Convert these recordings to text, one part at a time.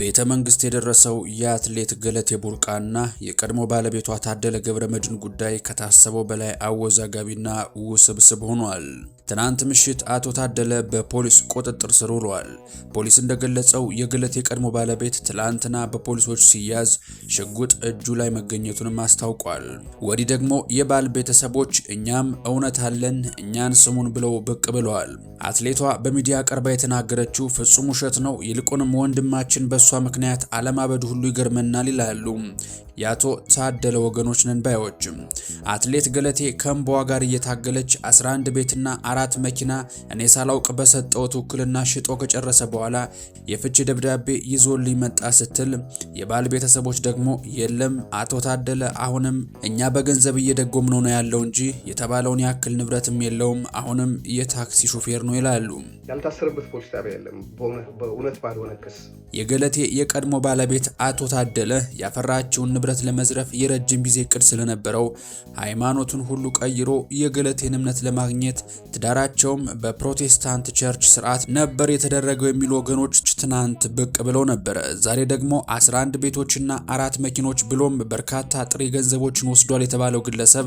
ቤተ መንግስት የደረሰው የአትሌት ገለቴ ቡርቃና የቀድሞ ባለቤቷ ታደለ ገብረ መድን ጉዳይ ከታሰበው በላይ አወዛጋቢና ውስብስብ ሆኗል። ትናንት ምሽት አቶ ታደለ በፖሊስ ቁጥጥር ስር ውሏል። ፖሊስ እንደገለጸው የገለቴ የቀድሞ ባለቤት ትላንትና በፖሊሶች ሲያዝ ሽጉጥ እጁ ላይ መገኘቱንም አስታውቋል። ወዲህ ደግሞ የባል ቤተሰቦች እኛም እውነት አለን እኛን ስሙን ብለው ብቅ ብለዋል። አትሌቷ በሚዲያ ቀርባ የተናገረችው ፍጹም ውሸት ነው፣ ይልቁንም ወንድማችን በ በእሷ ምክንያት አለማበድ ሁሉ ይገርመናል ይላሉ የአቶ ታደለ ወገኖች ነን ባዮችም። አትሌት ገለቴ ከምባዋ ጋር እየታገለች 11 ቤትና አራት መኪና እኔ ሳላውቅ በሰጠውት ውክልና ሽጦ ከጨረሰ በኋላ የፍቺ ደብዳቤ ይዞልኝ መጣ ስትል የባል ቤተሰቦች ደግሞ የለም አቶ ታደለ አሁንም እኛ በገንዘብ እየደጎም ነው ነው ያለው እንጂ የተባለውን ያክል ንብረትም የለውም፣ አሁንም የታክሲ ሹፌር ነው ይላሉ። ያልታሰረበት ፖሊስ ጣቢያ የለም በእውነት ባልሆነ ክስ የገለቴ የእህቴ የቀድሞ ባለቤት አቶ ታደለ ያፈራቸውን ንብረት ለመዝረፍ የረጅም ጊዜ እቅድ ስለነበረው ሃይማኖቱን ሁሉ ቀይሮ የገለቴን እምነት ለማግኘት ትዳራቸውም በፕሮቴስታንት ቸርች ስርዓት ነበር የተደረገው የሚሉ ወገኖች ትናንት ብቅ ብለው ነበረ። ዛሬ ደግሞ 11 ቤቶችና አራት መኪኖች ብሎም በርካታ ጥሬ ገንዘቦችን ወስዷል የተባለው ግለሰብ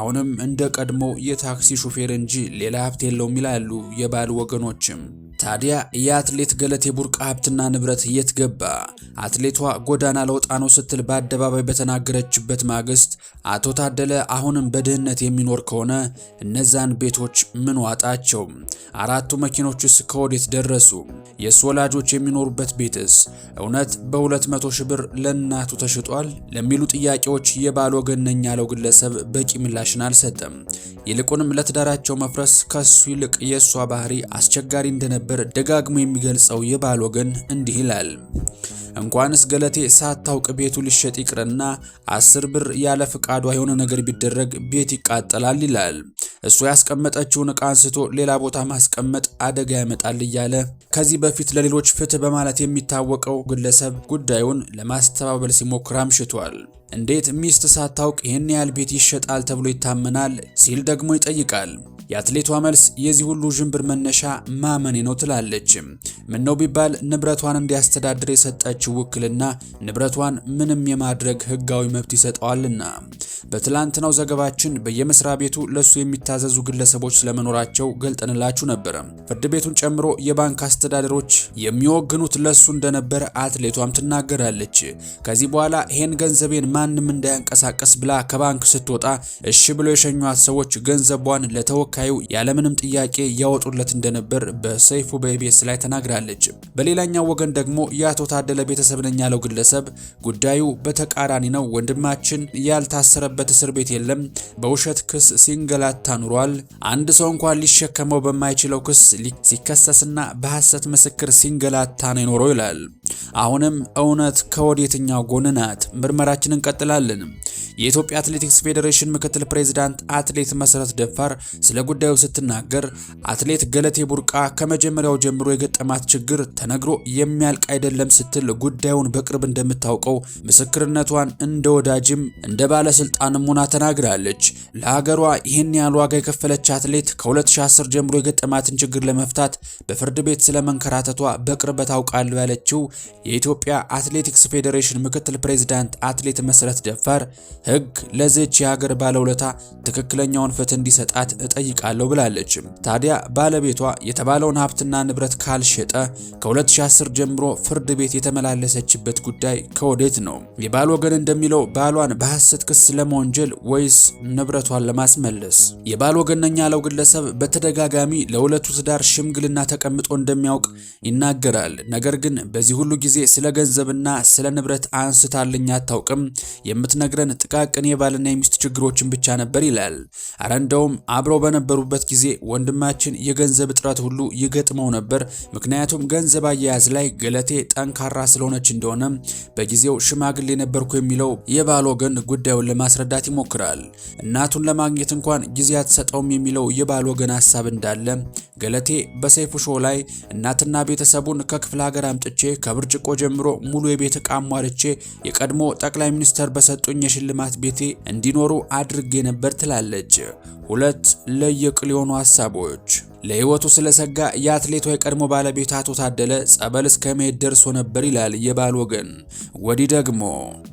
አሁንም እንደ ቀድሞ የታክሲ ሹፌር እንጂ ሌላ ሀብት የለውም ይላሉ የባል ወገኖችም። ታዲያ የአትሌት ገለቴ ቡርቃ ሀብትና ንብረት የት ገባ። አትሌቷ ጎዳና ለውጣ ነው ስትል በአደባባይ በተናገረችበት ማግስት አቶ ታደለ አሁንም በድህነት የሚኖር ከሆነ እነዛን ቤቶች ምን ዋጣቸው? አራቱ መኪኖችስ ከወዴት ደረሱ? የእሱ ወላጆች የሚኖሩበት ቤትስ እውነት በ200 ሺህ ብር ለእናቱ ተሽጧል? ለሚሉ ጥያቄዎች የባል ወገን ነኝ ያለው ግለሰብ በቂ ምላሽን አልሰጠም። ይልቁንም ለትዳራቸው መፍረስ ከሱ ይልቅ የእሷ ባህሪ አስቸጋሪ እንደነበር ደጋግሞ የሚገልጸው የባል ወገን እንዲህ ይላል። እንኳንስ ገለቴ ሳታውቅ ቤቱ ሊሸጥ ይቅርና አስር ብር ያለ ፍቃዷ የሆነ ነገር ቢደረግ ቤት ይቃጠላል ይላል። እሱ ያስቀመጠችውን ዕቃ አንስቶ ሌላ ቦታ ማስቀመጥ አደጋ ያመጣል እያለ ከዚህ በፊት ለሌሎች ፍትህ በማለት የሚታወቀው ግለሰብ ጉዳዩን ለማስተባበል ሲሞክር አምሽቷል። እንዴት ሚስት ሳታውቅ ይህን ያህል ቤት ይሸጣል ተብሎ ይታመናል? ሲል ደግሞ ይጠይቃል። የአትሌቷ መልስ የዚህ ሁሉ ዥንብር መነሻ ማመኔ ነው ትላለች። ምነው ቢባል ንብረቷን እንዲያስተዳድር የሰጠችው ውክልና ንብረቷን ምንም የማድረግ ሕጋዊ መብት ይሰጠዋልና። በትላንትናው ዘገባችን በየመስሪያ ቤቱ ለሱ የሚታዘዙ ግለሰቦች ስለመኖራቸው ገልጠንላችሁ ነበር። ፍርድ ቤቱን ጨምሮ የባንክ አስተዳደሮች የሚወግኑት ለሱ እንደነበረ አትሌቷም ትናገራለች። ከዚህ በኋላ ይሄን ገንዘቤን ማንም እንዳያንቀሳቀስ ብላ ከባንክ ስትወጣ እሺ ብሎ የሸኟት ሰዎች ገንዘቧን ለተወካዩ ያለምንም ጥያቄ ያወጡለት እንደነበር በሰይፉ በኢቢኤስ ላይ ተናግራለች። በሌላኛው ወገን ደግሞ የአቶ ታደለ ቤተሰብ ነኝ ያለው ግለሰብ ጉዳዩ በተቃራኒ ነው፣ ወንድማችን ያልታሰረበት እስር ቤት የለም፣ በውሸት ክስ ሲንገላታ ኑሯል። አንድ ሰው እንኳን ሊሸከመው በማይችለው ክስ ሲከሰስና በሐሰት ምስክር ሲንገላታ ነው የኖረው ይላል። አሁንም እውነት ከወዴትኛው ጎን ናት? ምርመራችንን እንቀጥላለንም። የኢትዮጵያ አትሌቲክስ ፌዴሬሽን ምክትል ፕሬዚዳንት አትሌት መሰረት ደፋር ስለ ጉዳዩ ስትናገር አትሌት ገለቴ ቡርቃ ከመጀመሪያው ጀምሮ የገጠማት ችግር ተነግሮ የሚያልቅ አይደለም ስትል ጉዳዩን በቅርብ እንደምታውቀው ምስክርነቷን እንደ ወዳጅም እንደ ባለስልጣንም ሆና ተናግራለች። ለሀገሯ ይህን ያህል ዋጋ የከፈለች አትሌት ከ2010 ጀምሮ የገጠማትን ችግር ለመፍታት በፍርድ ቤት ስለ መንከራተቷ በቅርበት አውቃለሁ ያለችው የኢትዮጵያ አትሌቲክስ ፌዴሬሽን ምክትል ፕሬዚዳንት አትሌት መሰረት ደፋር ሕግ ለዚች የሀገር ባለውለታ ትክክለኛውን ፍትህ እንዲሰጣት እጠይቃለሁ ብላለች። ታዲያ ባለቤቷ የተባለውን ሀብትና ንብረት ካልሸጠ ከ2010 ጀምሮ ፍርድ ቤት የተመላለሰችበት ጉዳይ ከወዴት ነው? የባል ወገን እንደሚለው ባሏን በሐሰት ክስ ለመወንጀል ወይስ ንብረቷን ለማስመለስ? የባል ወገን ነኝ ያለው ግለሰብ በተደጋጋሚ ለሁለቱ ትዳር ሽምግልና ተቀምጦ እንደሚያውቅ ይናገራል። ነገር ግን በዚህ ሁሉ ጊዜ ስለ ገንዘብና ስለ ንብረት አንስታልኝ አታውቅም የምትነግረን ጥቃ ጥቃቅን የባልና የሚስት ችግሮችን ብቻ ነበር ይላል። አረ እንደውም አብረው በነበሩበት ጊዜ ወንድማችን የገንዘብ እጥረት ሁሉ ይገጥመው ነበር። ምክንያቱም ገንዘብ አያያዝ ላይ ገለቴ ጠንካራ ስለሆነች እንደሆነ በጊዜው ሽማግሌ ነበርኩ የሚለው የባል ወገን ጉዳዩን ለማስረዳት ይሞክራል። እናቱን ለማግኘት እንኳን ጊዜ አትሰጠውም የሚለው የባል ወገን ሀሳብ እንዳለ ገለቴ በሰይፉ ሾ ላይ እናትና ቤተሰቡን ከክፍለ ሀገር አምጥቼ ከብርጭቆ ጀምሮ ሙሉ የቤት እቃ አሟልቼ የቀድሞ ጠቅላይ ሚኒስተር በሰጡኝ የሽልማት በሽልማት ቤቴ እንዲኖሩ አድርጌ ነበር ትላለች። ሁለት ለየቅል የሆኑ ሀሳቦች ለህይወቱ ስለሰጋ የአትሌቷ የቀድሞ ባለቤት አቶ ታደለ ጸበል እስከ መሄድ ደርሶ ነበር ይላል የባል ወገን። ወዲህ ደግሞ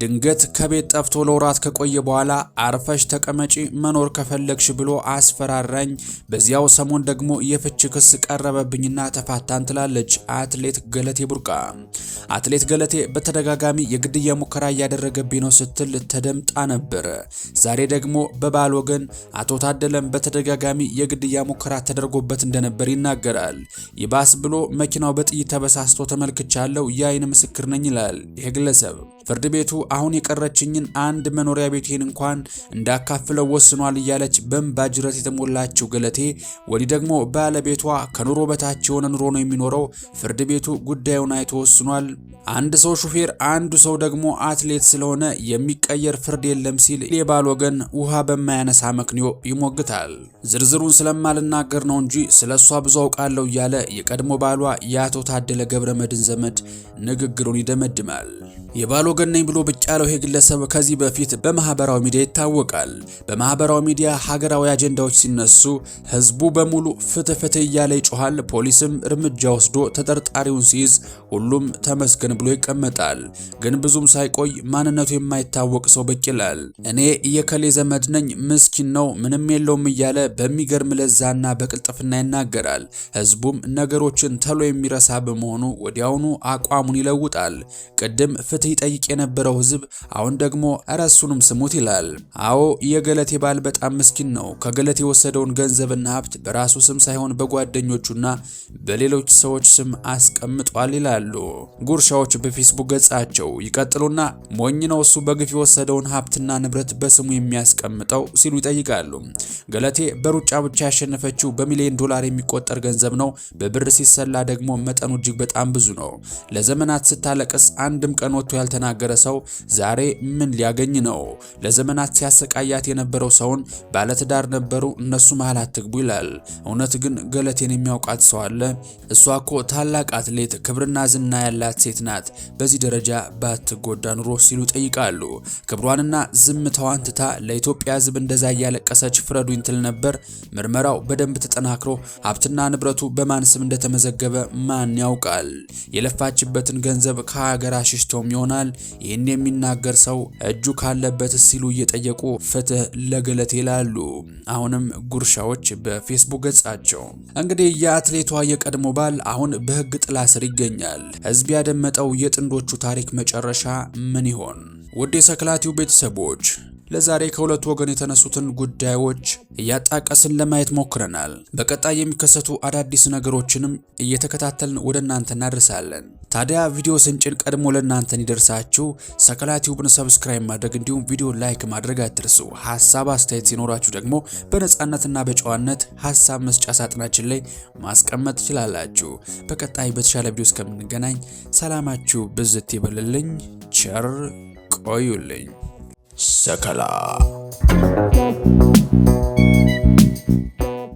ድንገት ከቤት ጠፍቶ ለወራት ከቆየ በኋላ አርፈሽ ተቀመጪ መኖር ከፈለግሽ ብሎ አስፈራራኝ። በዚያው ሰሞን ደግሞ የፍች ክስ ቀረበብኝና ተፋታን ትላለች አትሌት ገለቴ ቡርቃ። አትሌት ገለቴ በተደጋጋሚ የግድያ ሙከራ እያደረገብኝ ነው ስትል ተደምጣ ነበር። ዛሬ ደግሞ በባል ወገን አቶ ታደለም በተደጋጋሚ የግድያ ሙከራ ተደርጎበት እንደነበር ይናገራል። ይባስ ብሎ መኪናው በጥይት ተበሳስቶ ተመልክቻለሁ፣ የአይን ምስክር ነኝ ይላል ይሄ ግለሰብ። ፍርድ ቤቱ አሁን የቀረችኝን አንድ መኖሪያ ቤቴን እንኳን እንዳካፍለው ወስኗል እያለች በእንባ ጅረት የተሞላችው ገለቴ ወዲህ ደግሞ ባለቤቷ ከኑሮ በታች የሆነ ኑሮ ነው የሚኖረው፣ ፍርድ ቤቱ ጉዳዩን አይቶ ወስኗል። አንድ ሰው ሹፌር፣ አንዱ ሰው ደግሞ አትሌት ስለሆነ የሚቀየር ፍርድ የለም ሲል የባል ወገን ውሃ በማያነሳ መክንዮ ይሞግታል። ዝርዝሩን ስለማልናገር ነው እንጂ ስለ እሷ ብዙ አውቃለሁ እያለ የቀድሞ ባሏ የአቶ ታደለ ገብረ መድን ዘመድ ንግግሩን ይደመድማል። የባል ወገን ነኝ ብሎ ብቅ ያለው ይሄ ግለሰብ ከዚህ በፊት በማህበራዊ ሚዲያ ይታወቃል። በማህበራዊ ሚዲያ ሀገራዊ አጀንዳዎች ሲነሱ ህዝቡ በሙሉ ፍትህ ፍትህ እያለ ይጮሃል። ፖሊስም እርምጃ ወስዶ ተጠርጣሪውን ሲይዝ ሁሉም ተመስገን ብሎ ይቀመጣል። ግን ብዙም ሳይቆይ ማንነቱ የማይታወቅ ሰው ብቅ ይላል። እኔ የከሌ ዘመድ ነኝ፣ ምስኪን ነው፣ ምንም የለውም እያለ በሚገርም ለዛና በቅልጥፍና ይናገራል። ህዝቡም ነገሮችን ተሎ የሚረሳ በመሆኑ ወዲያውኑ አቋሙን ይለውጣል። ቅድም ፍትህ ይጠይቅ ሲንቅ የነበረው ህዝብ አሁን ደግሞ እረሱንም ስሙት ይላል። አዎ የገለቴ ባል በጣም ምስኪን ነው። ከገለቴ የወሰደውን ገንዘብና ሀብት በራሱ ስም ሳይሆን በጓደኞቹና በሌሎች ሰዎች ስም አስቀምጧል ይላሉ ጉርሻዎች በፌስቡክ ገጻቸው። ይቀጥሉና ሞኝ ነው እሱ በግፍ የወሰደውን ሀብትና ንብረት በስሙ የሚያስቀምጠው ሲሉ ይጠይቃሉ። ገለቴ በሩጫ ብቻ ያሸነፈችው በሚሊዮን ዶላር የሚቆጠር ገንዘብ ነው። በብር ሲሰላ ደግሞ መጠኑ እጅግ በጣም ብዙ ነው። ለዘመናት ስታለቅስ አንድም ቀን ወጥቶ ያልተናገ የተናገረ ሰው ዛሬ ምን ሊያገኝ ነው? ለዘመናት ሲያሰቃያት የነበረው ሰውን ባለትዳር ነበሩ፣ እነሱ መሃል አትግቡ ይላል። እውነት ግን ገለቴን የሚያውቃት ሰው አለ? እሷ እኮ ታላቅ አትሌት፣ ክብርና ዝና ያላት ሴት ናት። በዚህ ደረጃ ባትጎዳ ኑሮ ሲሉ ይጠይቃሉ። ክብሯንና ዝምታዋን ትታ ለኢትዮጵያ ሕዝብ እንደዛ እያለቀሰች ፍረዱኝ ትል ነበር። ምርመራው በደንብ ተጠናክሮ ሀብትና ንብረቱ በማን ስም እንደተመዘገበ ማን ያውቃል? የለፋችበትን ገንዘብ ከሀገር አሽሽቶም ይሆናል ይህን የሚናገር ሰው እጁ ካለበት ሲሉ እየጠየቁ ፍትህ ለገለቴ ይላሉ። አሁንም ጉርሻዎች በፌስቡክ ገጻቸው እንግዲህ የአትሌቷ የቀድሞ ባል አሁን በህግ ጥላ ስር ይገኛል። ህዝብ ያደመጠው የጥንዶቹ ታሪክ መጨረሻ ምን ይሆን? ውድ የሰክላቲው ቤተሰቦች ለዛሬ ከሁለቱ ወገን የተነሱትን ጉዳዮች እያጣቀስን ለማየት ሞክረናል። በቀጣይ የሚከሰቱ አዳዲስ ነገሮችንም እየተከታተልን ወደ እናንተ እናደርሳለን። ታዲያ ቪዲዮ ስንጭን ቀድሞ ለእናንተ እንዲደርሳችሁ ሰከላ ቲዩብን ሰብስክራይብ ማድረግ እንዲሁም ቪዲዮ ላይክ ማድረግ አትርሱ። ሀሳብ አስተያየት ሲኖራችሁ ደግሞ በነፃነትና በጨዋነት ሀሳብ መስጫ ሳጥናችን ላይ ማስቀመጥ ትችላላችሁ። በቀጣይ በተሻለ ቪዲዮ እስከምንገናኝ ሰላማችሁ ብዝት ይበልልኝ። ቸር ቆዩልኝ። Sakala.